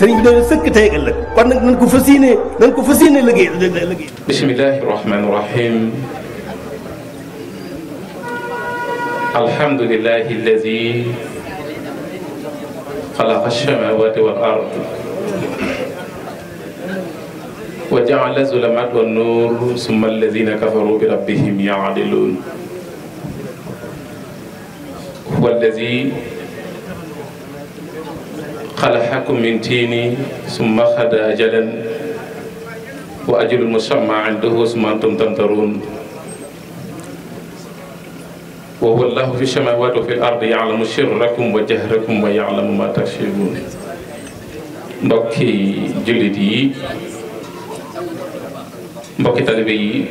sëriñ bi dana sëkk tey ëllëg kon nag nañ ko fas yéene nañ ko fas yéene liggéey liggéey. bismillahi rahmani rahim. alhamdulillahi alladi xalaqa alsamawati wal ard wa jaala zulamat wa nuur summa alladina kafaru bi rabbihim yaadiluun huwa alladi xalaxakum min tiini summa xada ajalan wa ajalun musamma indahu summa antum tamtarun wa huwa allahu fi samawati wa fi ardi yalamu sirrakum wa jahrakum wa yalamu ma taksibun mbokki jullit yi mbokki talibe yi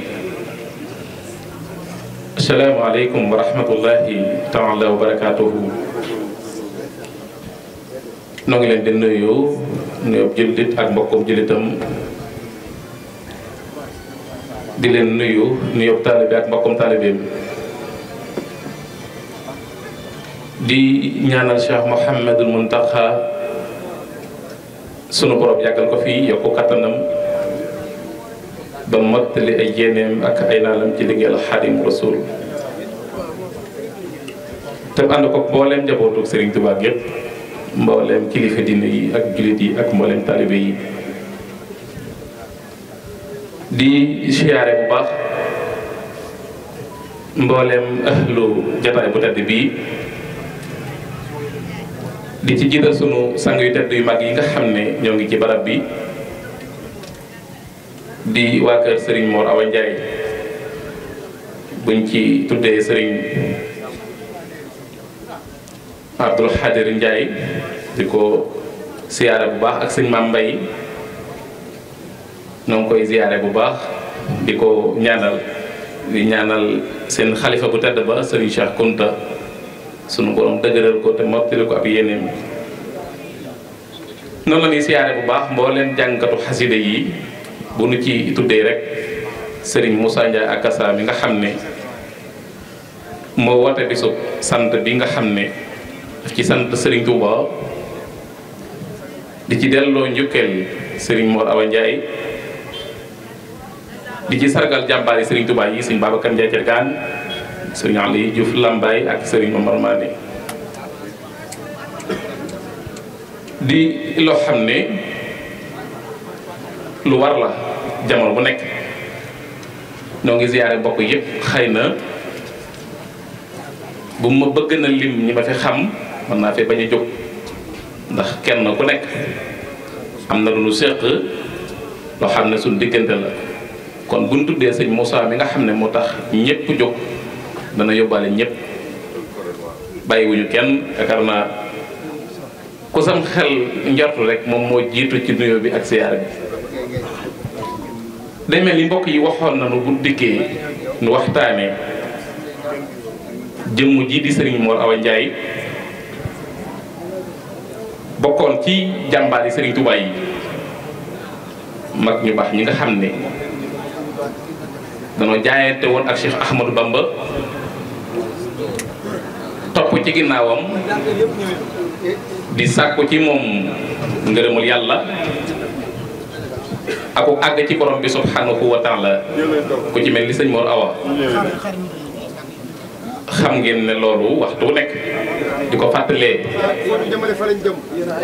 asalaamu aleykum wa rahmatullahi taala wa barakatuhu noo ngi leen di nuyu nuyu jullit ak mbokkum jullitam di leen nuyu nuyu taalibe ak mbokkum taalibeem di ñaanal Cheikh Mouhamadul Muntaxa sunu borom yàkkal ko fii yokku kattanam ba mottali ay yéeneem ak ay naalam ci liggéeyal Xaadim Rasul te ànd ko mbooleem njabootu Sëriñ Tuubaa yépp mbooleem kilifa diine yi ak jullit yi ak mbooleem taalibe yi di siyaare bu baax mboolem ahlu jataay bu tedd bii di ci jiital sunu sang yu tedd yu mag yi nga xam ne ñoo ngi ci barab bi di waa sëriñ Serigne Mor Awa buñ ci tuddee Serigne Abdul Xadir Njaay di ko siyaare bu baax ak sëñ Maam Mbay noo koy siyaare bu baax di ko ñaanal di ñaanal seen xalifa bu tedd ba sëriñ Cheikh Kunta sunu borom dëgëral ko te mottali ko ab yéeneem noonu la ñuy siyaare bu baax mboo mbooleen jàngkatu xaside yi bu nu ci tuddee rek sëriñ Moussa Ndiaye ak Kassa mi nga xam ne moo woote bisub sant bi nga xam ne ci sant Serigne Touba di ci delloo njukkeel Serigne Mor Awa di ci sargal jàmbaari Serigne Touba yi Serigne Babacar Ndiaye Thiergane Serigne Aliou Diouf Lambaye ak Serigne Omar Mané di loo xam ne lu war la jamono bu nekk ñoo ngi ziyaare bokk yëpp xëy na bu ma bëgg na lim ñi ma fi xam mën naa fee bañ a jóg ndax kenn ku nekk am na lu nu séq loo xam ne suñ diggante la kon bu ñu tuddee sëñ Moussa mi nga xam ne moo tax ñëpp jóg dana yóbbaale ñépp bàyyiwuñu kenn yaakaar naa ku sam xel njortu rek moom moo jiitu ci nuyoo bi ak siyaar bi demee li mbokk yi waxoon na nu bu dikkee nu waxtaanee jëmm ji di sëriñ Mor Awa Ndiaye bokkoon ci jàmbaar yi Serigne Touba yi mag ñu baax ñi nga xam ne danoo jaayante woon ak Cheikh Ahmadou Bamba topp ci ginnaawam di sàkku ci moom ngërëmul yàlla aku àgg ci borom bi subhanahu wa taala ku ci mel ni sëñ Mor Awa xam ngeen ne loolu waxtu wu nekk di ko fàttalee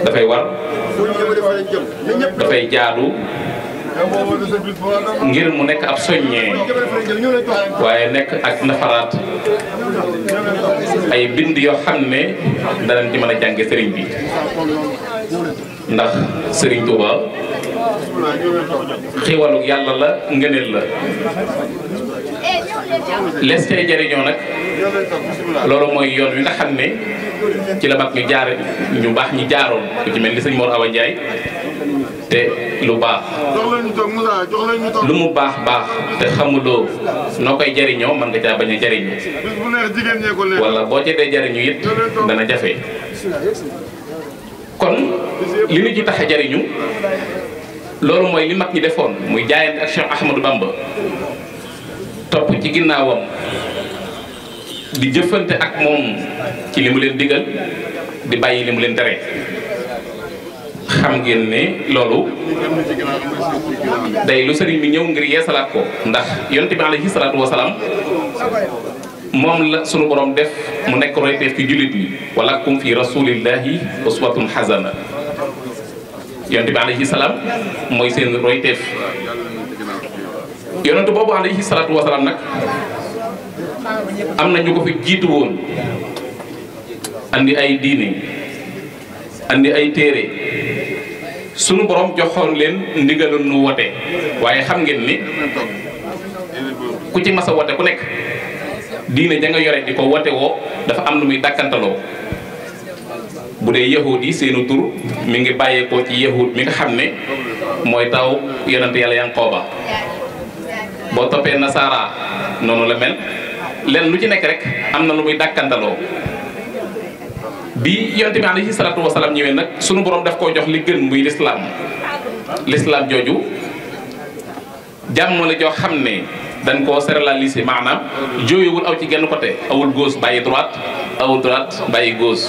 dafay war dafay jaadu ngir mu nekk ab soññee waaye nekk ak nafaraat ay bind yoo xam ne danañ ci mën a jànge sëriñ bi ndax sëriñ Tuuba xiiwalu yàlla la ngëneel la lees tey jariñoo nag loolu mooy yoon wi nga xam ne ci la mag ñu jaare ñu baax ñi jaaroon ku ci mel ni sëñ Mor Awa Ndiaye te lu baax lu mu baax baax te xamuloo noo koy jariñoo man nga caa bañ a jariñ wala boo ca dee jariñu it jafe kon li nu tax jariñu loolu mooy li mag ñi defoon muy jaayante ak Cheikh Ahmadou Bamba topp ci ginnaawam di jëfante ak moom ci li leen digal di bàyyi li leen tere xam ngeen ne loolu day lu sëriñ bi ñëw ngir yeesalaat ko ndax yonent bi alayhi salaatu wasalaam moom la sunu borom def mu nekk royteef ci jullit ñi walakum fi rasulillahi uswatun xasana yonent bi alayhi salaam mooy seen royteef yonent boobu alayhi salaatu wasalaam nag am na ñu ko fi jiitu woon andi ay diine andi ay téere sunu borom joxoon leen ndigalul nu wote waaye xam ngeen ni ku ci masa wote ku nekk diine ja nga yore di ko wote woo dafa am lu muy dàkkantaloo bu dee yahud yi seenu tur mi ngi bàyyeekoo ci yahud mi nga xam ne mooy taw yonent yàlla Yanqooba boo toppee nasaara noonu la mel lenn lu ci nekk rek am na lu muy dàkkantaloo bi yonte bi alayhi salaatu wasalaam ñëwee nag sunu boroom daf koo jox li gën muy lislaam lislaam jooju jàmm joo xam ne dañ koo généraliser maanaam jooyewul aw ci genn côté awul gauche bàyyi droite awul droite bàyyi gauche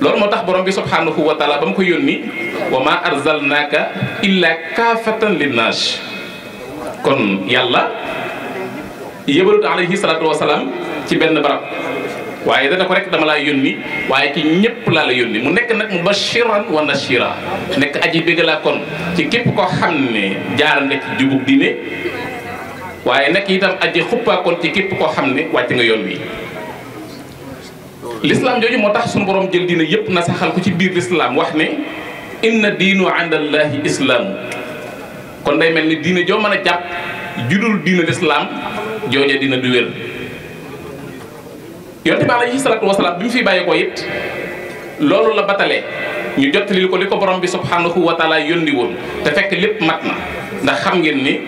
loolu moo tax borom bi subhanahu wa taala ba mu ko yónni wa ma arzalnaaka illa kaafatan linnaas kon yàlla yëbalut alayhi salaatu wasalaam ci benn barab waaye dana ko rek dama laa yónni waaye ci ñëpp laa la yónni mu nekk nag mu bashiran wa nashira nekk aj bégg kon ci képp koo xam ne jaar na ci jubub diine waaye nekk itam aji xuppaa kon ci képp koo xam ne wàcc nga yoon wi l'islam jooju moo tax suñu borom jël diine yëpp na saxal ko ci biir l'islam wax ne inna diinu indallahi islaamu kon day mel ni diine joo mën a jàpp judul diine l'islam jooja dina du wér yonte bi alayhi salaatu wasalaam bi mu fi bàyyeekoo it loolu la batale ñu jottali ko li ko borom bi subhanahu wa taala yónni woon te fekk lépp mat na ndax xam ngeen ni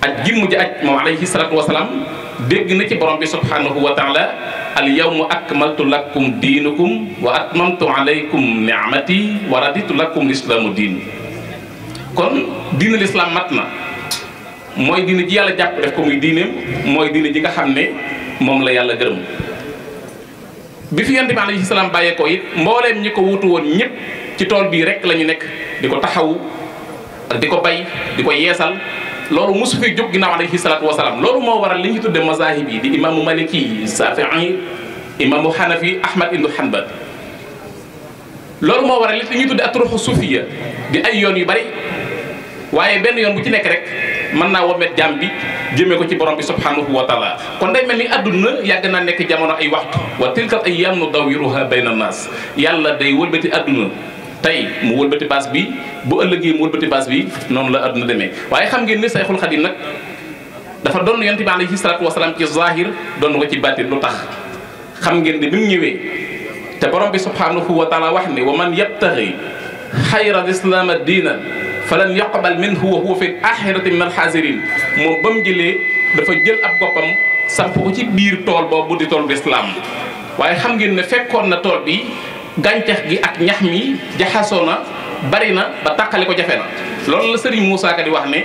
ak ji mujj aj moom alayhi salaatu wasalaam dégg na ci borom bi subhanahu wa taala al yawma akmaltu lakum diinukum wa atmamtu alaykum ni'mati wa raditu lakum lislaamu diin kon diina lislaam mat na mooy diine ji yàlla jàpp def ko muy diineem mooy diine ji nga xam ne moom la yàlla gërëm bi fi yonent bi alayhi salaam bàyyee ko it mbooleem ñi ko wutu woon ñëpp ci tool bii la ñu nekk di ko taxawu di ko bay di ko yeesal loolu mosu fi jóg ginnaaw alayhi salaatu wasalaam loolu moo waral li ñu tudde mazahib yi di imaamu maliki safii imaamu xanafi ahmad ibnu hanbal loolu moo waral li ñu tudde aturuxu sufiya di ay yoon yu bari waaye benn yoon bu ci nekk rek mën naa womet jaam bi jëmee ko ci borom bi subhanahu wa taala kon day mel ni adduna yàgg naa nekk jamono ay waxtu wa tilkal ayyaam nudawwiruha bayna naas yàlla day wëlbati adduna tey mu wëlbati baas bi bu ëllëgee mu wëlbati baas bi noonu la àdduna demee waaye xam ngeen ne Sayxul Xadim nag dafa doon yonent bi alayhi salaatu wasalaam ci zahir doon ko ci baatin lu tax xam ngeen ne bi mu ñëwee te borom bi subhanahu wa taala wax ne wa man yabtaxi xayra lislaama diinan falan yuqbal minhu wa huwa fil axirati minal xaasiriin moom ba mu jëlee dafa jël ab goppam samp ko ci biir tool boobu di tool bu islaam waaye xam ngeen ne fekkoon na tool bi gàncax gi ak ñax mi jaxasoo na bari na ba tàqale ko jafe na loolu la sëriñ Moussa Ka di wax ne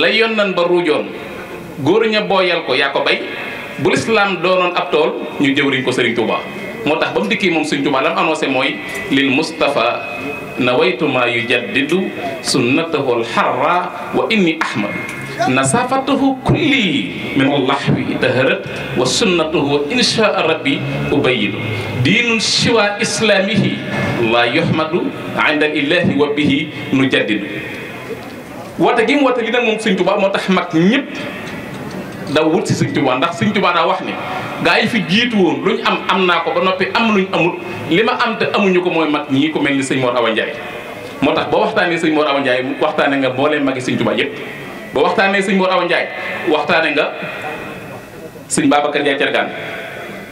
la yoon nan ba ruujoon góor ña booyal ko yaa ko bay bu lislaam doonoon ab tool ñu jëwriñ ko sëriñ Touba moo tax ba mu dikkee moom sëriñ Touba lam annoncé mooy lil Moustapha nawaytu maa yujaddidu sunnatahu alxarra wa inni ahmadu nasafatahu kulli min allahwi taharat wa sunnatahu inshaa rabbi ubayyidu diinun siwa islaamihi laa yuhmadu inda illahi wa bihi nujaddidu woote gi mu woote li nag moom Sëñ Tuubaa moo tax mag ñëpp daw wut si sëñ Tuubaa ndax sëñ Tuubaa a wax ni gaa yi fi jiitu woon luñ am am naa ko ba noppi am luñ amul li ma am te amuñu ko mooy mag ñii ko mel ni sëñ Mor Awa Ndiaye moo tax ba waxtaanee sëñ Mor Awa Ndiaye waxtaane nga mbooleem magi sëñ Tuubaa yëpp ba waxtaanee sëñ Mor Awa Ndiaye waxtaane nga sëñ Babacar Ndiaye Thiergane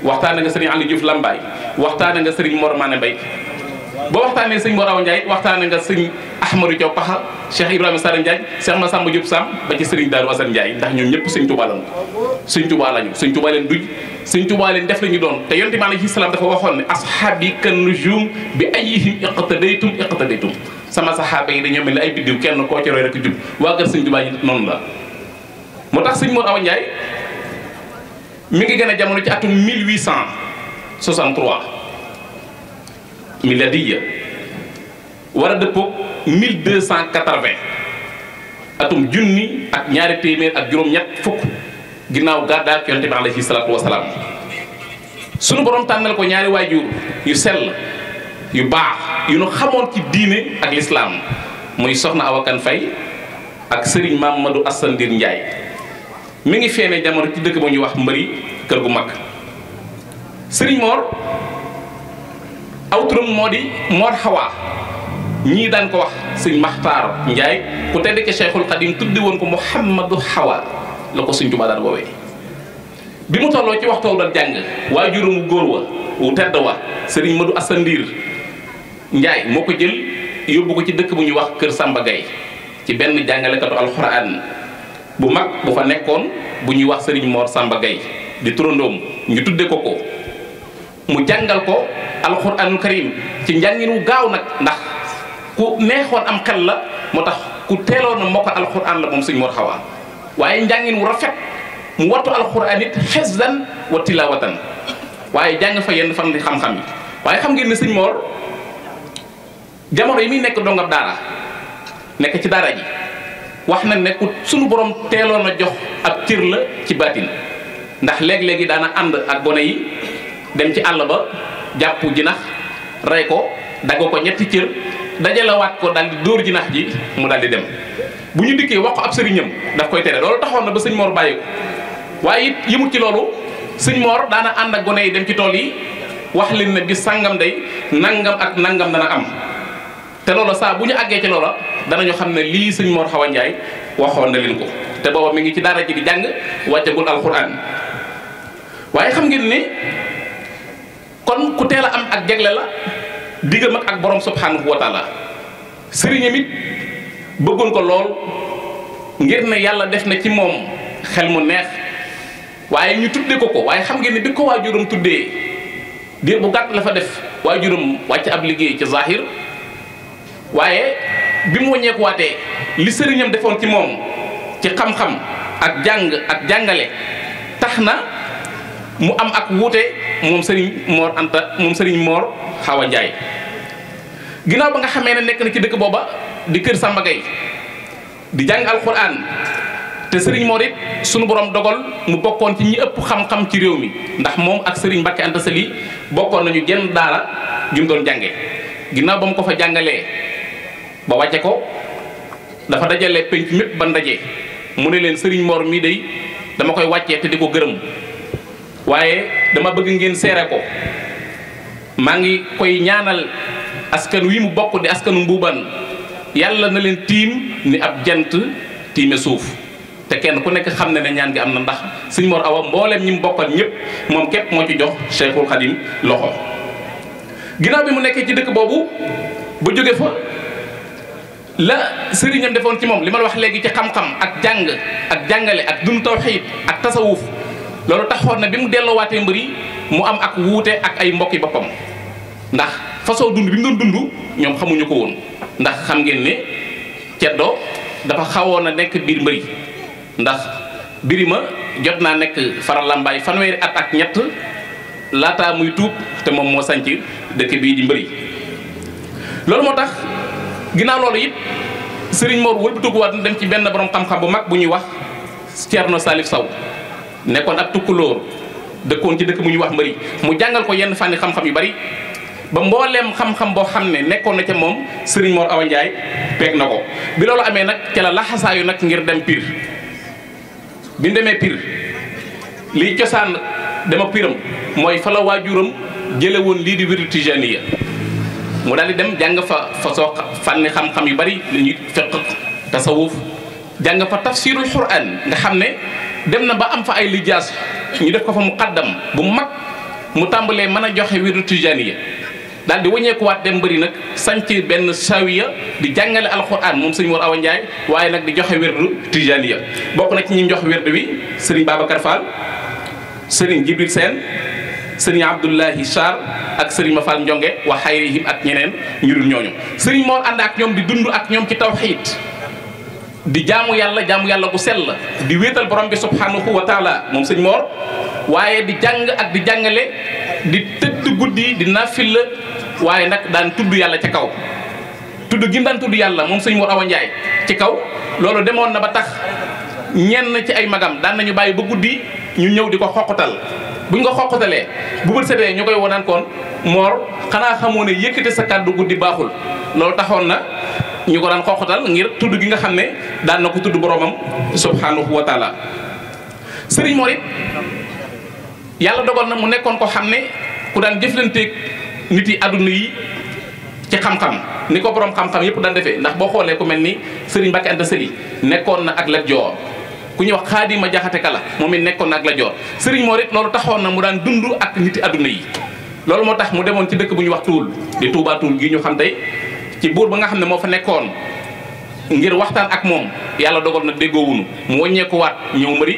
waxtaane nga sëriñ Aliou Diouf Lambaye waxtaane nga sëriñ Mor Mané Mbaye boo waxtaanee sëñ Moraw Ndiaye waxtaane nga sëñ Ahmadou Thiaw Paxa Cheikh Ibrahima Sare Ndiaye ma Massamba Diop Sam ba ci sëriñ Daaru Asan Ndiaye ndax ñoom ñëpp sëñ Tuubaa lañu sëñ Tuubaa lañu sëñ Tuubaa leen duj sëñ Tuubaa leen def lañu doon te yonte bi alayhi salaam dafa waxoon ne ashaabi kan nujum bi ayyihim iqtadaytum iqtadaytum sama saxaaba yi dañoo mel ni ay biddiw kenn koo ci roy rek jub waa kër sëñ Tuubaa yi noonu la moo tax sëñ aw Ndiaye mu ngi gën a jamono ci atum 1863 miladiya war a dëppoog 1280 atum junni ak ñaari téeméer ak juróom-ñett fukk ginnaaw gàddaa ak yonte bi alayhi salaatu wasalaam sunu boroom tànnal ko ñaari waajur yu sell yu baax yu nu xamoon ci diine ak lislaam muy soxna awakan fay ak sëriñ Mamadou Assane Ndir Ndiaye mu ngi feeñee jamono ci dëkk ba ñuy wax mbari kër gu mag sëriñ Mor aw turam moo di Mor Hawa ñii daan ko wax sëñ Maxtaar Njaay ku tedd ki Cheikhul Xadim tuddi woon ko Mouhamadou Hawa la ko sëñ Tuubaa daan woowee bi mu tolloo ci waxtoo doon jàng waa waajuramu góor wa wu tedd wa sëriñ Madou Assane Ndiir Njaay moo ko jël yóbbu ko ci dëkk bu ñuy wax Kër Samba Gay ci benn jàngalekatu alxuraan bu mag bu fa nekkoon bu ñuy wax sëriñ Mor Samba Gay di turandoom ñu tudde ko ko mu jàngal ko alxuraanul karim ci njàngin wu gaaw nag ndax ku neexoon am xel la moo tax ku teeloon na moo ko alxuraan la moom sëñ Mor Xawa waaye njàngin wu rafet mu wattu alxuraan it xesdan wa tilawatan waaye jàng fa yenn fan xam-xam yi waaye xam ngeen ne sëñ Mor jamono yi muy nekk dongab daara nekk ci daara ji wax na ne ku sunu borom teeloon a jox ab cër la ci baatin ndax léeg-léegi daana ànd ak gone yi dem ci àll ba jàpp jinax rey ko dagg ko ñetti cër dajalewaat ko daal di dóor jinax ji mu daal di dem bu ñu dikkee wax ko ab sëriñam daf koy tere loolu taxoon na ba sëñ Mor bàyyi ko waaye it yëmut ci loolu sëñ moor daana ànd ak gone yi dem ci tool yi wax leen na bi sàngam day nangam ak nangam dana am te loola saa bu ñu àggee ci loola dana danañu xam ne lii sëñ Mor Xawa Njaay waxoon na leen ko te booba mi ngi ci daara ji di jàng wàccagul alxuraan waaye xam ngeen kon ku teel a am ak jagle la diggam ak boroom subhanahu wa taala sëriñam it bëggoon ko lool ngir ne yàlla def na ci moom xel mu neex waaye ñu tudde ko ko waaye xam ngeen ne bi ko waa waajuram tuddee diir bu gàtt dafa def waa juróom wàcc ab liggéey ci zahir waaye bi mu wàññeekuwaatee li sëriñam defoon ci moom ci xam-xam ak jàng ak jàngale tax na mu am ak wuute moom Serigne moor Anta moom Serigne moor Xawa Ndiaye ginnaaw ba nga xamee ne nekk na ci dëkk booba di kër Samba di jàng alxuraan te Serigne Mor it sunu borom dogal mu bokkoon ci ñi ëpp xam-xam ci réew mi ndax moom ak Serigne Mbacke Anta Sali bokkoon nañu jenn daala jum jànge ginnaaw ba mu ko fa jàngalee ba wàcce ko dafa dajale penc mépp ba ndaje mu ne leen Serigne Mor mii day dama koy wàccee te di ko gërëm. waaye dama bëgg ngeen seere ko maa ngi koy ñaanal askan wi mu bokk di askanu mbuuban yàlla na leen tiim ni ab jant tiime suuf te kenn ku nekk xam ne ne ñaan gi am na ndax sëñ Mor Awa mbooleem ñi mu bokkal ñëpp moom képp moo ci jox Cheikhul Khadim loxo ginnaaw bi mu nekkee ci dëkk boobu bu jóge fa la sëriñam defoon ci moom li ma la wax léegi ci xam-xam ak jàng ak jàngale ak dund tawxiid ak tasawuf loolu taxoon na bi mu delloowaatee mbër yi mu am ak wuute ak ay mbokki boppam ndax façon dund bi mu doon dund ñoom xamuñu ko woon ndax xam ngeen ne ceddoo dafa xawoon a nekk biir mbëri ndax ma jot naa nekk faralambaay fanweeri at ak ñett laataa muy tuub te moom moo sanc dëkk bii di mbëri loolu moo tax ginnaaw loolu it sëriñ Mor wëlbatukuwaat na dem ci benn boroom xam-xam bu mag bu ñuy wax na Salif Sow nekkoon ab tukkulóor dëkkoon ci dëkk mu ñuy wax mbëri mu jàngal ko yenn fànni xam-xam yu bari ba mbooleem xam-xam boo xam ne nekkoon na ca moom Serigne Mor Awa Ndiaye peeg na ko bi loolu amee nag ca la laxasaayu nag ngir dem Pire. bi mu demee Pire liy cosaan dama Piram mooy fa la waajuram jële woon lii di wirdu Tijaaniya mu dal di dem jàng fa fa soo fànni xam-xam yu bari li ñuy fiq tasawuf jàng fa tafsirul Quran nga xam ne. dem na ba am fa ay lijaas ñu def ko fa mu xaddam bu mag mu tàmbalee mën a joxe wirdu tijaaniya daal di wëññeekuwaat dem bëri nag sanc benn sawiya di jàngale alxuraan moom sëñ Mor Awa Ndiaye waaye nag di joxe wirdu tijaaniya bokk na ci ñi jox wirdu wi sëriñ Babacar Fall sëriñ Jibril Sène sëriñ Abdoulahi Sarr ak sëriñ Mafal njonge wa xayrihim ak ñeneen ñu dul ñooñu sëriñ Mor ànd ak ñoom di dund ak ñoom ci tawxiit di jaamu yàlla jaamu yàlla bu sell di wéetal borom bi subhanahu wa taala moom sëñ Mor waaye di jàng ak di jàngale di tëdd guddi di nafil la waaye nag daan tudd yàlla ci kaw. tudd gim daan tudd yàlla moom sëñ Mor Awa Ndiaye ci kaw loolu demoon na ba tax ñenn ci ay magam daan nañu bàyyi ba guddi ñu ñëw di ko xoqatal buñ ko xoqatalee bu bët setee ñu koy wonaan koon Mor xanaa xamoo ne yëkkate sa kàddu guddi baaxul loolu taxoon na. ñu ko daan xooxatal ngir tudd gi nga xam ne daan na ko tudd boromam subhanahu wa taala sëriñ Mor yàlla dogal na mu nekkoon ko xam ne ku daan jëflanteeg nit yi àdduna yi ci xam-xam ni ko borom xam-xam yëpp daan defee ndax boo xoolee ku mel ni sëriñ Mbacke Anta Sëli nekkoon na ak Lat Joor ku ñuy wax Xaadima Jaxate Kala moom it nekkoon na ak Lat sëriñ Mor it loolu taxoon na mu daan dund ak nit yi àdduna yi loolu moo tax mu demoon ci dëkk bu ñuy wax Tuul di Touba Tuul ñu xam tey ci buur ba nga xam ne moo fa nekkoon ngir waxtaan ak moom yàlla dogal na déggoowunu mu wàññeeku waat ñëw mbëri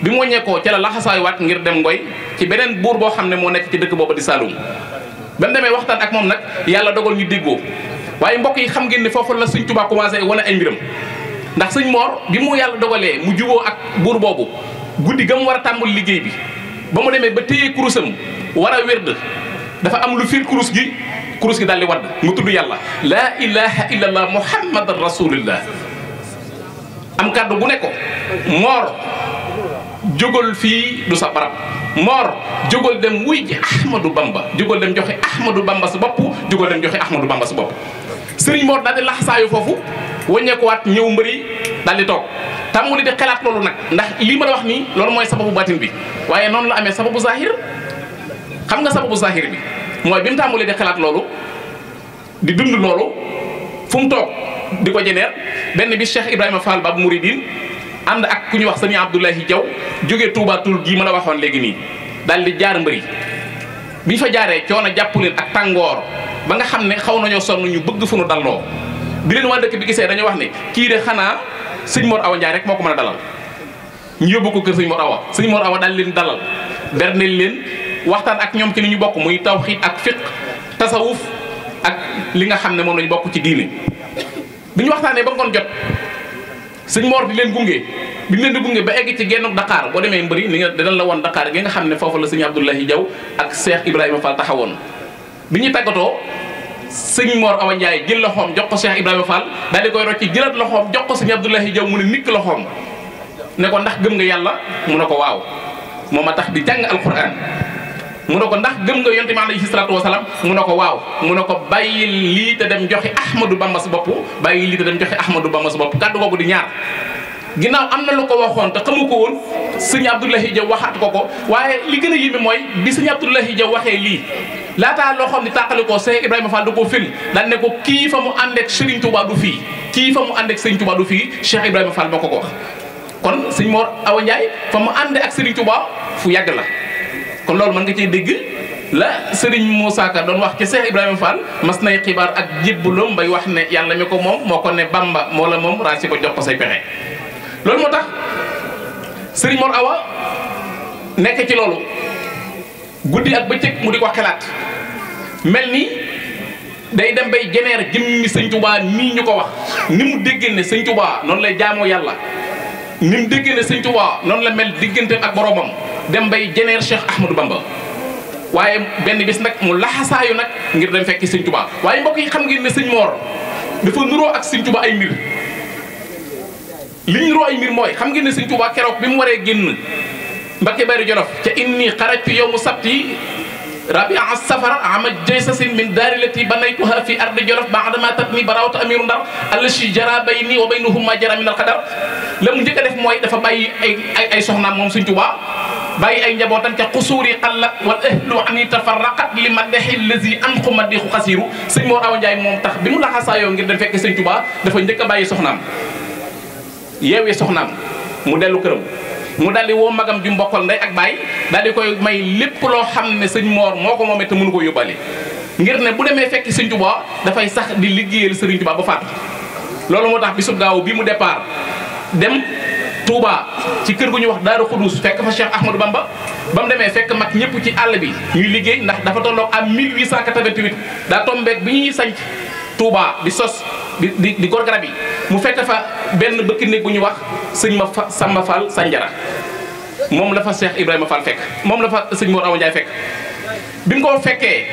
bi mu wàññeekoo ca la laxasaayu waat ngir dem ngoy ci beneen buur boo xam ne moo nekk ci dëkk booba di Saloum ba mu demee waxtaan ak moom nag yàlla dogal ñu déggoo waaye mbokk yi xam ngeen ne foofu la Sëñ Tuubaa commencé wane ay mbiram ndax Sëñ Moor bi mu yàlla dogalee mu juboo ak buur boobu guddi ga mu war a tàmbul liggéey bi ba mu demee ba téye kurusam war a gi kurus gi daal di wadd mu tudd yàlla laa ilaha illallah muhammadan rasulillah am kàddu bu ne ko moor jógal fii du sa barab moor jógal dem wuy ji ahmadou bamba jógal dem joxe ahmadou bamba sa bopp jógal dem joxe ahmadou bamba sa bopp sëriñ moor daal di laxasaayu foofu wàññeekuwaat ñëw mbëri daal di toog tàmmuli di xelaat loolu nag ndax lii ma la wax nii loolu mooy sababu baatin bi waaye noonu la amee sababu zahir xam nga sababu zahir bi mooy bi mu tàmbalee di xalaat loolu di dund loolu fu mu toog di ko jeneer benn bi Cheikh Ibrahima Fall Bab Mouridine ànd ak ku ñuy wax sëñ Abdoulahi Diaw jógee Touba Toul gii ma la waxoon léegi nii daal di jaar mbëri bi ñu fa jaaree coono jàpp leen ak tàngoor ba nga xam ne xaw nañoo sonn ñu bëgg fu nu dalloo bi leen waa dëkk bi gisee dañoo wax ne kii de xanaa sëñ Mor Awa Ndiaye rek moo ko mën a dalal ñu yóbbu ko kër sëñ Mor Awa sëñ Mor Awa daal leen dalal waxtaan ak ñoom ci li ñu bokk muy tawxiid ak fiq tasawuf ak li nga xam ne moom lañu bokk ci diine bi ñu waxtaanee ba ngoon jot sëñ Mor di leen gunge bi ñu leen di gunge ba egg ci genn Dakar boo demee mbëri ni nga la woon Dakar gi nga xam ne foofu la sëñ Abdoulahi Diaw ak Cheikh Ibrahima Fall taxawoon bi ñuy tàggatoo sëñ Mor Awa jël loxoom jox ko seex Ibrahima Fall daal di koy rocci jëlaat loxoom jox ko sëñ Abdoulahi Diaw mu ne nikk loxoom ne ko ndax gëm nga yàlla mu ne ko waaw moo tax di jàng alquran mu ne ko ndax gëm nga yonte bi alayhi salaatu wasalaam mu ne ko waaw mu ne ko bàyyil lii dem joxe Ahmadou Bamba sa bopp bàyyil lii te dem joxe Ahmadou Bamba sa bopp kàddu googu di ñaar ginnaaw am na lu ko waxoon te xamu ko woon sëñ Abdoulahi Dia waxaat ko ko waaye li gën a yéeme mooy bi sëñ Abdoulahi Dia waxee lii laataa loo xam ne tàqali ko Seex Ibrahima Fall da koo fil daan ko kii fa mu ànd ak Serigne Touba du fii kii fa mu ànd ak Serigne Touba fii Cheikh Ibrahima Fall moo ko ko wax kon sëñ Mor Awa Ndiaye fa mu ànd ak Serigne Touba fu yàgg la kon loolu mën nga cee dégg la Serigne Moussa Ka doon wax ci Cheikh Ibrahima Fall mas nay xibaar ak bu jébbuloom bay wax ne yàlla mi ko moom moo ko ne Bamba moo la moom raasi ko jox ko say pexe loolu moo tax Serigne Mor Awa nekk ci loolu guddi ak bëccëg mu di ko xelaat mel ni day dem bay jeneer jëmmi sëñ Touba ñu ko wax ni mu déggee ne sëñ noonu lay jaamoo yàlla ni mu déggee ne noonu la mel digganteem ak boromam. dem bay jeneer Cheikh Ahmadou Bamba waaye benn bis nag mu laxasaayu nag ngir dem fekk sëñ Tuubaa waaye mbokk yi xam ne sëñ Moor dafa nuroo ak sëñ Tuubaa ay mbir li ñu ay mbir mooy xam ngeen ne sëñ Tuubaa keroog bi mu waree génn Mbakke Bari Jolof ca inni xarajtu yawmu sabti rabia safar ama jaysasin min daarilati banaytuha fi ardi jolof baadama tatni barawta amiru ndar allaci jara bayni wa baynahum ma jara min alqadar la mu njëkk a def mooy dafa bàyyi ay ay soxnaam moom sëñ Tuubaa bàyyi ay njabootam ca xusuuri xallat wal ahlu ani tafarraqat li ma dexi lësi an xu ma dixu xasiiru sëñ Mor Awa Ndiaye moom tax bi mu laxasaayoo ngir dem fekk sëñ Tuubaa dafa njëkk a bàyyi soxnaam yeewee mu dellu këram mu daal di woo magam ju mbokkal ndey ak baay daal di koy may lépp loo xam ne sëñ moor moo ko moomee te mënu ko yóbbaale ngir ne bu demee fekk sëñ Tuubaa dafay sax di liggéeyal sëriñ Tuubaa ba faatu loolu moo tax bisub daaw bi mu départ dem Touba ci kër gu ñuy wax Daaru Xudus fekk fa Cheikh Ahmadou Bamba ba mu demee fekk mag ñëpp ci àll bi ñuy liggéey ndax dafa tolloog am 1888 daa tombeek bi ñuy sanc Touba di sos di di di gor garab mu fekk fa benn bëkk néeg bu ñuy wax sëñ ma fa Samba Fall Sanjara moom la fa Cheikh Ibrahima Fall fekk moom la fa sëñ Mor Awa Ndiaye fekk bi mu ko fekkee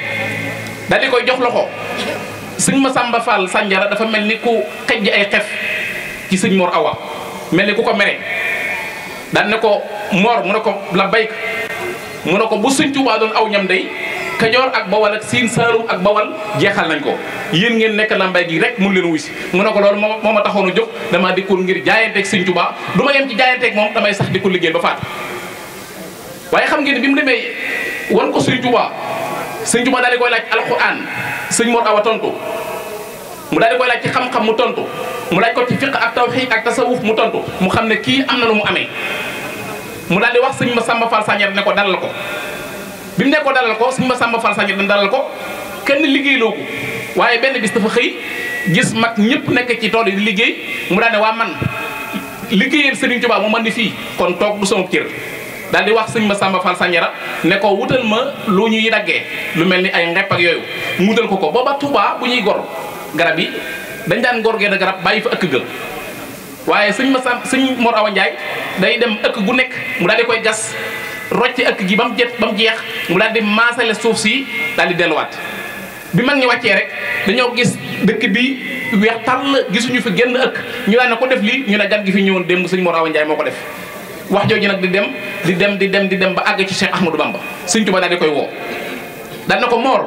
daal di koy jox loxo sëñ ma Samba Fall Sanjara dafa mel ni ku xejj ay xef ci sëñ Mor Awa mel ni ku ko mere daan ne ko moor mu ne ko la bayk mu ne ko bu Sëñ Tuubaa doon aw ñam day Kajoor ak Bawal ak Siin Saalum ak Bawal jeexal nañ ko yéen ngeen nekk lambay gi rek mun leen wuy si mu ne ko loolu moo moo ma taxoon a jóg damaa dikkul ngir jaayanteeg Sëñ Tuubaa du ma yem ci jaayanteeg moom damay sax dikkul liggéey ba faat waaye xam ngeen bi mu demee wan ko Sëñ Tuubaa Sëñ Tuubaa daal di koy laaj alxuraan sëñ Mor Awa tontu mu daal di koy laaj ci xam-xam mu tontu. mu laaj ko ci fiq ak tawxiid ak tasawuf mu tontu mu xam ne kii am na lu mu amee mu daal di wax sëñ Massamba Fall Sagnère ne ko dalal ko bi mu ne ko dalal ko sëñ Massamba Fall Sagnère dañ dalal ko kenn liggéeyloo ko waaye benn bis dafa xëy gis mag ñëpp nekk ci tool yi liggéey mu daal ne waa man liggéeyal Serigne Touba mu man ni fii kon toog du sama cër daal di wax sëñ Massamba Fall Sagnère ne ko wutal ma lu ñuy daggee lu mel ni ay ngepp yooyu mu wutal ko ko booba tuubaa bu ñuy gor garab yi dañ daan ngor genn garab bàyyi fa ëkk ga waaye sëñ ma sam sëñ Mor Awa Ndiaye day dem ëkk gu nekk mu daal di koy gas rocc ëkk gi ba mu jet ba mu jeex mu daal di maasale suuf si daal di delluwaat bi mag ñi wàccee rek dañoo gis dëkk bi weex tàll gisuñu fi génn ëkk ñu daan ne ko def ñu ne gan gi fi ñëwoon démb sëñ Mor Awa Ndiaye moo ko def wax jooju nag di dem di dem di dem di dem ba àgg ci Cheikh Ahmadou Bamba sëñ Tuba daal di koy woo daan na ko Mor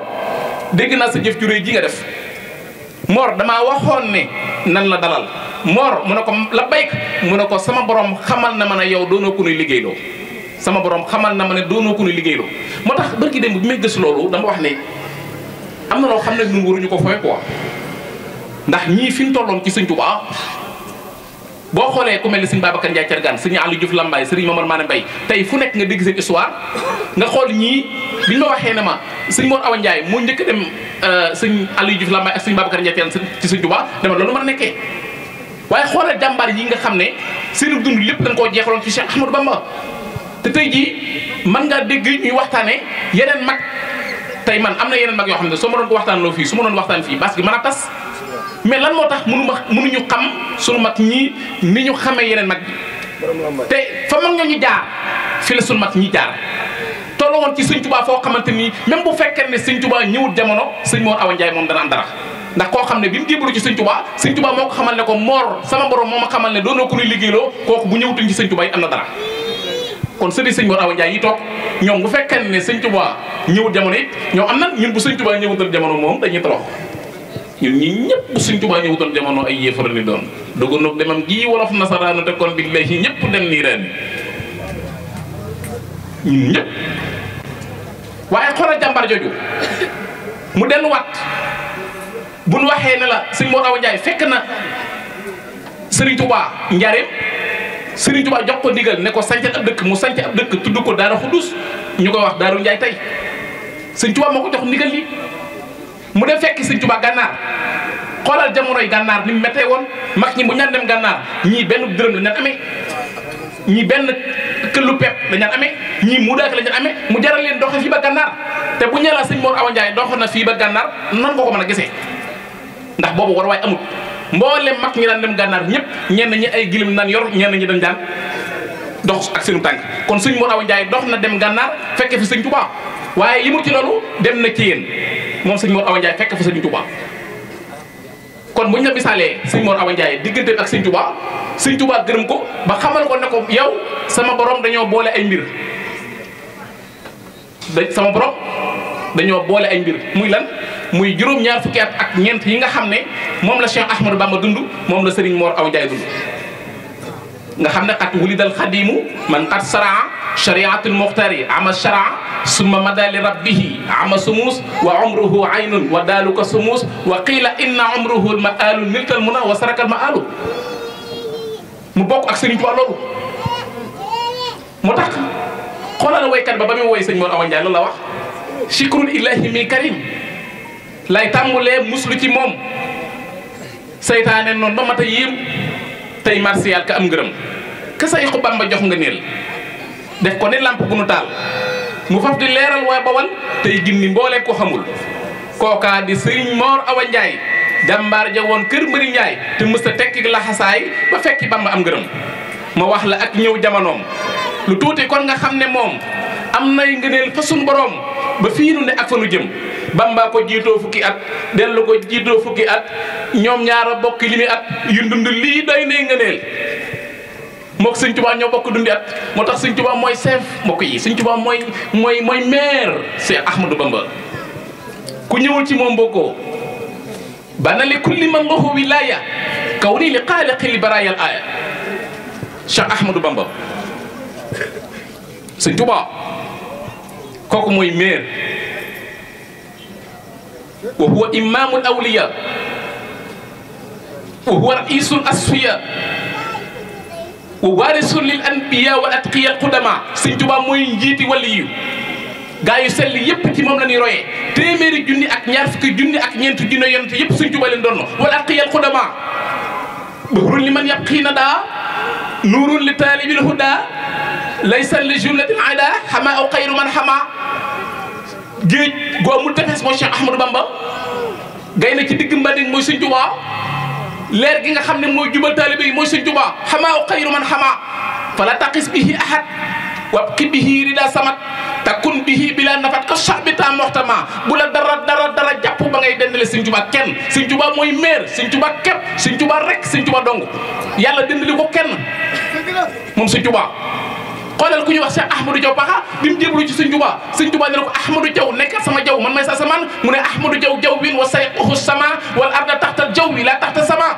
dégg naa sa jëf ju réy ji nga def Mor damaa waxoon ne nan la dalal Mor mu ne ko la bayk mu ne ko sama borom xamal na ma ne yow doonoo ko nuy liggéeyloo sama boroom xamal na ma ne doonoo ko nuy liggéeyloo moo tax bërki démb bi may gës loolu dama wax ne am na loo xam ne ñun waruñu ko fooy quoi ndax ñii fi mu tolloon ci sëñ Tuubaa boo xoolee ku mel ni sëñ Babacar Ndiaye Thiergane sëñ Aliou Diouf Lambaye sëriñ Momar Mané Mbaye tey fu nekk nga dégg seen histoire nga xool ñii. bi nga waxee ne ma sëñ Mor Awa Ndiaye moo njëkk dem euh, sëñ Aliou Diouf Lambaye ak sëñ Babacar Ndiaye ci sëñ Touba dama loolu mën a nekkee waaye xoolal jàmbaar yi nga xam ne seen dund lépp dañ koo jeexaloon ci Cheikh ba Bamba te tey jii man ngaa dégg ñuy waxtaane yeneen mag tey man am na yeneen mag yoo xam ne soo ma doon ko waxtaan fii su ma doon waxtaan fii bas que mën a tas mais lan moo tax mënu ma ñu xam sunu mag ñi ni ñu xamee yeneen mag bi te fa mag ñoo ñu jaar fi la sunu ñi jaar toll woon ci sëñ Tuubaa foo xamante nii même bu fekkee ne sëñ Tuubaa ñëwut jamono sëñ Mor Awa Ndiaye moom dana koo xam ne bi mu jébbalu ci sëñ Tuubaa sëñ Tuubaa moo ko xamal ne ko moor sama borom moom ma xamal ne doonoo ko nuy liggéeyloo kooku bu ñëwutuñ ci sëñ Tuubaa yi am na dara kon sëriñ sëñ Mor Awa Ndiaye yi toog ñoom bu fekkee ne sëñ Tuubaa ñëwut jamono it ñoom am na ñun bu sëñ Tuubaa ñëwutal jamono moom ñu torox ñun ñi ñëpp bu sëñ Tuubaa ñëwutal jamono ay yéefar ni doon dugg noog demam gii wolof nasaraanu te kon billahi ñëpp dem nii ren ñun ñëpp waaye xoolal jàmbar jooju mu delluwaat bu nu waxee ne la sëñ Mor Awa Ndiaye fekk na Serigne Touba Ndiarème Serigne Touba jox ko ndigal ne ko sanc ab dëkk mu sanc ab dëkk tudd ko Daara Xudus ñu koy wax Daaru Ndiaye tey sëñ Touba moo ko jox ndigal li mu dem fekk sëñ Touba gànnaar xoolal jamonoy gànnaar ni mu woon mag ñi bu ñaan dem gànnaar ñii benn dërëm la ñaan ñii benn këllu pepp la ñaan amee. ñi mu daa la ñu amee mu jaral leen doxe fii ba gànnaar te bu ñelaa sëñ Mor Awa Ndiaye dox na fii ba gànnaar nan nga ko mën a gisee ndax boobu war waay amut mboole mag ñi daan dem gànnaar ñëpp ñenn ñi ay gilim naan yor ñenn ñi dañ daan dox ak seenu tànk kon sëñ Mor Awa Ndiaye dox na dem gànnaar fekke fi sëñ Touba waaye yi mu ci loolu dem na ci yéen moom sëñ Mor Awa Ndiaye fekk fi sëñ kon buñ la misaalee sëñ Mor Awa Ndiaye diggante ak sëñ Touba sëñ Touba gërëm ko ba xamal ko ne ko yow sama borom dañoo boole ay mbir da sama borom dañoo boole ay mbir muy lan muy juróom-ñaar fukki at ak ñeent yi nga xam ne moom la Cheikh Ahmadou ba dund moom la Serigne Mor Awa Ndiaye dund. nga xam ne xat wulidal xadimu man xat saraa shariatul muxtari ama sharaa summa madali rabbihi ama sumus wa umruhu aynun wa daaluka sumus wa qiila inna umruhu maalu milkal muna wa sarakal maalu mu bokk ak Serigne Touba loolu moo tax xoolal woykat ba ba muy woy sëñ Mor Awa Ndiaye loolu la wax shikrun illahi mi karim lay tàmbulee muslu ci moom seytaane noonu ba mat a yéem tey martial ka am ngërëm ka say xu Bamba jox nga néel def ko ni làmp bu taal mu faf di leeral waa bawal tey gindi mboolee ko xamul kookaa di sëriñ Mor Awa Ndiaye jàmbaar ja woon kër Mari Ndiaye te mës a tekki laxasaay ba fekki Bamba am ngërëm ma wax la ak ñëw jamonoom lu tuuti kon nga xam ne moom am nay ngëneel fa suñ borom ba fii nu ak fa nu jëm Bamba ko jiitoo fukki at dellu ko jiitoo fukki at ñoom ñaara bokk li muy at yu dund lii doy nay ngëneel moo ko sëñ ñoo bokk dundi at moo tax sëñ Tuubaa mooy chef mbokk yi sëñ Tuubaa mooy mooy mooy maire Seex Ahmadou Bamba ku ñëwul ci moom bokkoo bana li kulli man lahu wilaya kaw nii li xaaliqi li baraayal aaya Cheikh Ahmadou Bamba sëñ Tuubaa kooku mooy meer wa huwa imaamul awliya wa huwa raisul asfiya wa waarisul lil anbiya wal atqiya qudama sëñ Tuubaa mooy njiiti wali yu gaa yu sell yépp ci moom la ñuy royee téeméeri junni ak ñaar fukki junni ak ñeenti junni yonent yépp sëñ Tuubaa leen doon atqiya qudama buhrun li man yabqiina daa nuurun li taalibil hudaa laysa li jumlatil ada xama aw xayru man xama géej gu amul tefes mooy Cheikh Ahmadou Bamba gay na ci digg mbadig mooy Sëñ Tuubaa leer gi nga xam ne mooy juba taalibe yi mooy Sëñ Tuubaa xama aw xayru man xama fala taqis bihi ahad wabki bihi rida samat takun bihi bila nafat ka sax bi taa bu la dara dara dara jàpp ba ngay dendale Sëñ Tuubaa kenn Sëñ mooy meer Sëñ Tuubaa képp Sëñ Tuubaa rek Sëñ Tuubaa dong yàlla dendali ko kenn moom Sëñ Tuubaa xoolal ku ñuy wax Cheikh Ahmadou Diaw Baxa bi mu jébbalu ci sëñ Tuubaa sëñ Tuubaa ne ko Ahmadou Diaw nekkal sama jaw man may sa saman mu ne Ahmadou Diaw jaw bin wa say oxu sama wala arda taxta jaw bi laa taxta sama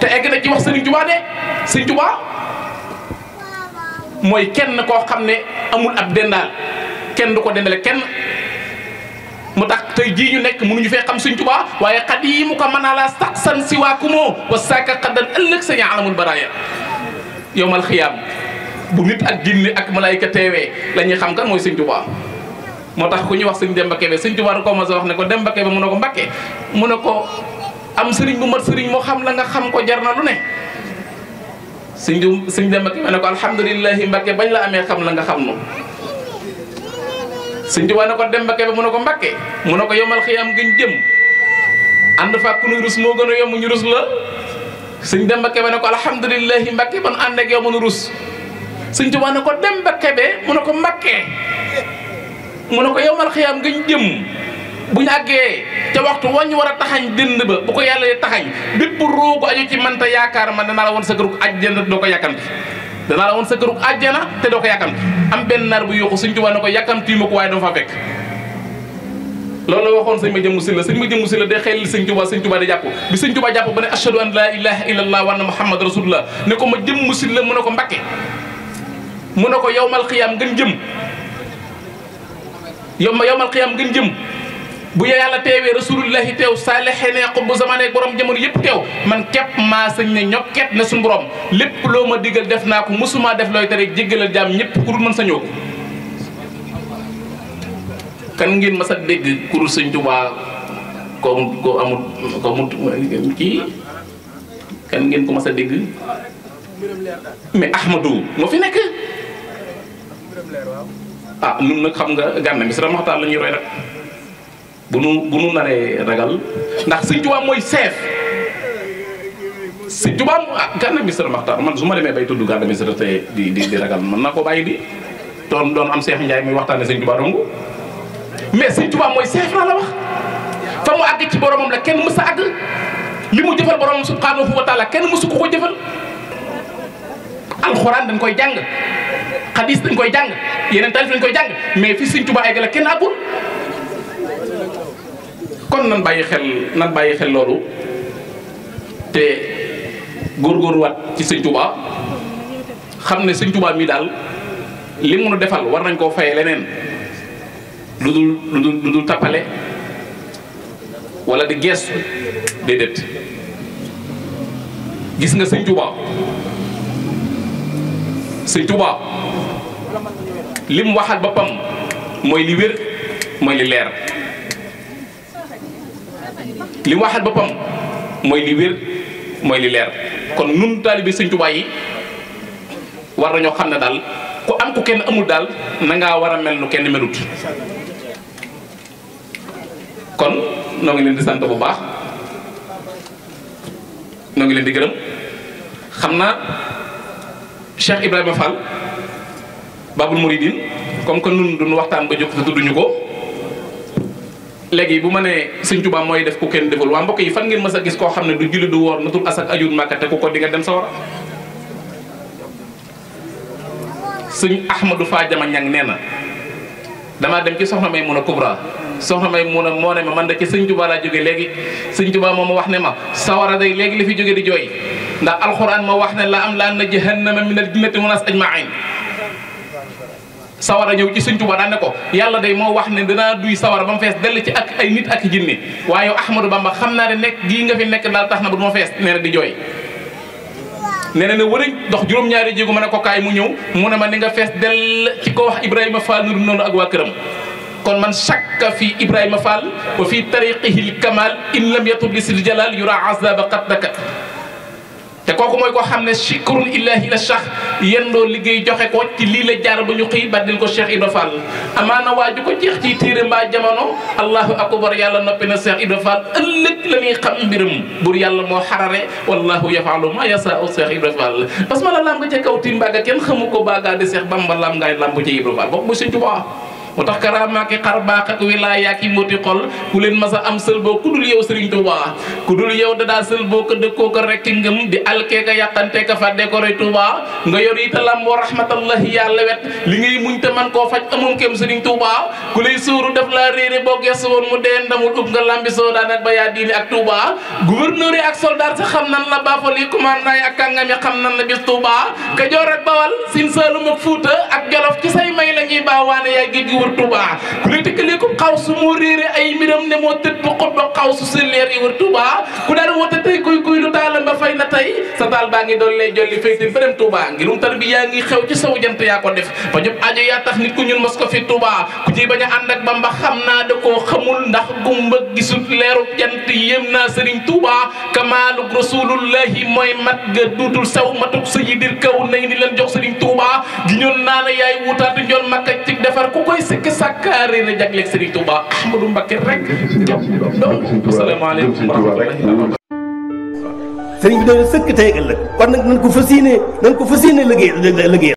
te egg na ci wax sëriñ Tuubaa de sëñ Tuubaa mooy kenn koo xam ne amul ab dendaal kenn du ko dendale kenn mu tax tey jii ñu nekk mënuñu fee xam sëñ Tuubaa waaye xat yi mu ko mën naa laa sax san si waakumoo wa saaka xaddan ëllëg sa ñaa alamul baraaya yowmal xiyaam bu nit ak jinne ak malayka teewee la ñuy xam kan mooy sëñ Tuubaa moo tax ku ñuy wax sëñ Demba Kebe sëñ Tuubaa da ko mas a wax ne ko Demba Kebe mu ne ko Mbakke mu ne ko am sëriñ bu mat sëriñ moo xam la nga xam ko jar na lu ne sëñ du sëñ Demba Kebe ne ko alhamdulilahi Mbakke bañ la amee xam la nga xam nu sëñ Tuubaa ne ko Demba Kebe ne ko Mbakke mu ne ko yomal xiyam gën jëm ànd fa ku nu rus moo gën a mu ñu rus la sëñ Demba Kebe ne ko alhamdulilahi Mbakke ban ànd ak yow mënu rus sëñ Tuubaa ne ko dem ba Kébé mu ne ko Mbakke mu ne ko yow mal xiyaam nga jëm bu ñu àggee ca waxtu ñu war a taxañ dënd ba bu ko yàlla yee taxañ bépp roogu aju ci manta yaakaar ma danaa la woon sa këru àjjana doo ko yàkkamti danaa la woon sa këru àjjana te doo ko yàkkamti am benn nar bu yuuxu sëñ Tuubaa ne ko ma ko waaye dama fa fekk loolu la waxoon sëñ ma jëmm si la sëñ ma jëmm si la day xel li sëñ Tuba di jàpp bi sëñ Tuba jàpp ba ne ashadu an laa ilaha illallah wa anna muhammad rasulullah ne ko ma mu ne ko yowmal xiyaam ngeen jëm yowma yowmal xiyaam ngeen jëm bu yàlla teewee rasulullahi teew saalixe ne xob bu zamanee borom jamono yëpp teew man képp maa sëñ ne ñokket ne suñu borom lépp loo ma digal def naa ko mosuma def looy tere jéggalal jaam ñëpp ku dul mën sañoo ko kan ngeen mas a dégg ku dul sëñ Tuubaa ko ko amul ko mu kii kan ngeen ko mas a dégg mais Ahmadou moo fi nekk. ah ñun nag xam nga gànna mi si la maxtaar la ñuy roy nag bu nu bu nu naree ragal ndax sëñ Tuubaa mooy seef sëñ Tuubaa ah gànna mi si la maxtaar man su ma demee bay tudd gànna mi si la tey di di di ragal mën naa koo bàyyi di doon doon am Seex Njaay waxtaan waxtaane sëñ Tuubaa dong mais sëñ Tuubaa mooy seef naa la wax fa mu àgg ci boromam la kenn mës a àgg li mu jëfal boromam subhaanahu wa taala kenn mësu ko ko jëfal alxuraan dañ koy jàng xadis dañ koy jàng yeneen taalif dañ koy jàng mais fi Sëriñ Tuubaa egg la kenn àggul kon nan bàyyi xel nan bàyyi xel loolu ci Sëriñ xam ne Sëriñ Tuubaa mii daal li mu defal war nañ koo fayee leneen lu dul tappale wala di geestu déedéet gis nga Sëriñ sëñ Touba li mu boppam mooy li wér mooy li leer li mu waxal boppam mooy li wér mooy li leer kon nun taalibe sëñ Touba yi war nañoo xam ne daal ku am ku kenn amul daal na war a mel nu kenn melut kon noo ngi leen di sant bu baax noo ngi leen di gërëm xam naa Cheikh Ibrahima Fall Babul Mouridine comme que nun duñu waxtaan ba jóg te tudduñu ko léegi bu ma nee Sëñ Tuubaa mooy def ku kenn mbokk yi fan ngeen mës a gis koo xam ne du julli du woor natul asak ajut màkka te ku ko di nga dem sa war sëñ Ahmadou Fa Jama Ñang nee na damaa dem ci soxna may mun a Kubra soxna may mun a moo ne ma man da ci sëñ Tuubaa jóge léegi sëñ Tuubaa moom ma wax ne ma sawara day léegi li fi jóge di jooy ndax alxuraan moo wax ne la am laan na jahannama min al jinnati wa nas ajmain sawara ñëw ci Sëñ Tuubaa daan ne ko yàlla day moo wax ne danaa duy sawara ba mu fees dell ci ak ay nit ak jinne waaye yow Ahmadou Bamba xam naa ne nekk gii nga fi nekk daal tax na ba du ma fees nee di jooy nee na ne dox juróom-ñaari jéego ma ne ko mu ñëw mu ne ma ni nga fees dell ci ko wax Ibrahima Fall nuru noonu ak waa këram kon man shakka fii Ibrahima Fall wa fii tariqihi l kamal in lam yatub li sil jalal yura azaba qatlaka te kooku mooy ko xam ne chikrun illahi la sax yendoo liggéey joxe ko ci lii la jaar ba ñu xëy baddil ko Cheikh Ibra Fall amaana waa ju ko jeex ci téere mbaa jamono allahu akbar yàlla noppi na Cheikh Ibra Fall ëllëg la ñuy xam mbiram bur yàlla moo xarare wallahu yafalu ma yasaau Cheikh Ibra Fall parce que ma la lam nga ca kaw timbaaga kenn xamu ko baagaa di Cheikh Bamba lam ngaay lamb ci Ibra Fall boobu bu sëñ moo tax karaamaaki xar baax ak wilaaya ki mbóoti xol ku leen masa am sël boo ku dul yow Sëriñ Tuubaa ku dul yow dadaa sël boo ko dëkkoo ko rekk ngëm di alkee ka yàqante ka fa décoré Tuubaa nga yor italam wa rahmatallahi yàlla wet li ngay muñ te man koo faj amum kem Sëriñ Tuubaa ku lay suuru def laa réeré boo gesu woon mu dee ndamul ub nga lambi soo daan ak bayaa diini ak Tuubaa gouverneur yi ak soldat sa xam nan la baafal yi commandant ak kàngam xam nan la bis Tuubaa Kajoor ak Bawal Siin Saalum ak Fuuta ak Jolof ci say may la ñuy baawaane yaay géej wër Touba ku ne tëkkale ko xaw su moo réere ay mbiram ne moo tëdd ba xob ba xaw su si leer yi wër Touba ku daal woote tey kuy kuy lu taalam ba fay na tey sa taal baa ngi doon lay jolli fay tin ba dem Touba ngirum tar bi yaa ngi xew ci saw jant yaa ko def ba ñëpp aajo yaa tax nit ku ñun mos ko fi Touba ku ci bañ a ànd ak Bamba xam naa da koo xamul ndax gumba gisut leeru jant yéem naa Sëriñ Touba kamaalug rasulullahi mooy mat ga duutul saw matuk sa yidir kaw nay ni leen jox Sëriñ Touba gi ñoon naa na yaay wutaatu njool makka ci defar ku koy sikki sàkkaar yi la jagleeg Serigne Touba Ahmadou Mbacké rek donc asalaamaaleykum wa rahmatulah sëriñ bi daal sëkk tey ëllëg kon nag nañ ko fas yéene nañ ko fas yéene liggéey liggéey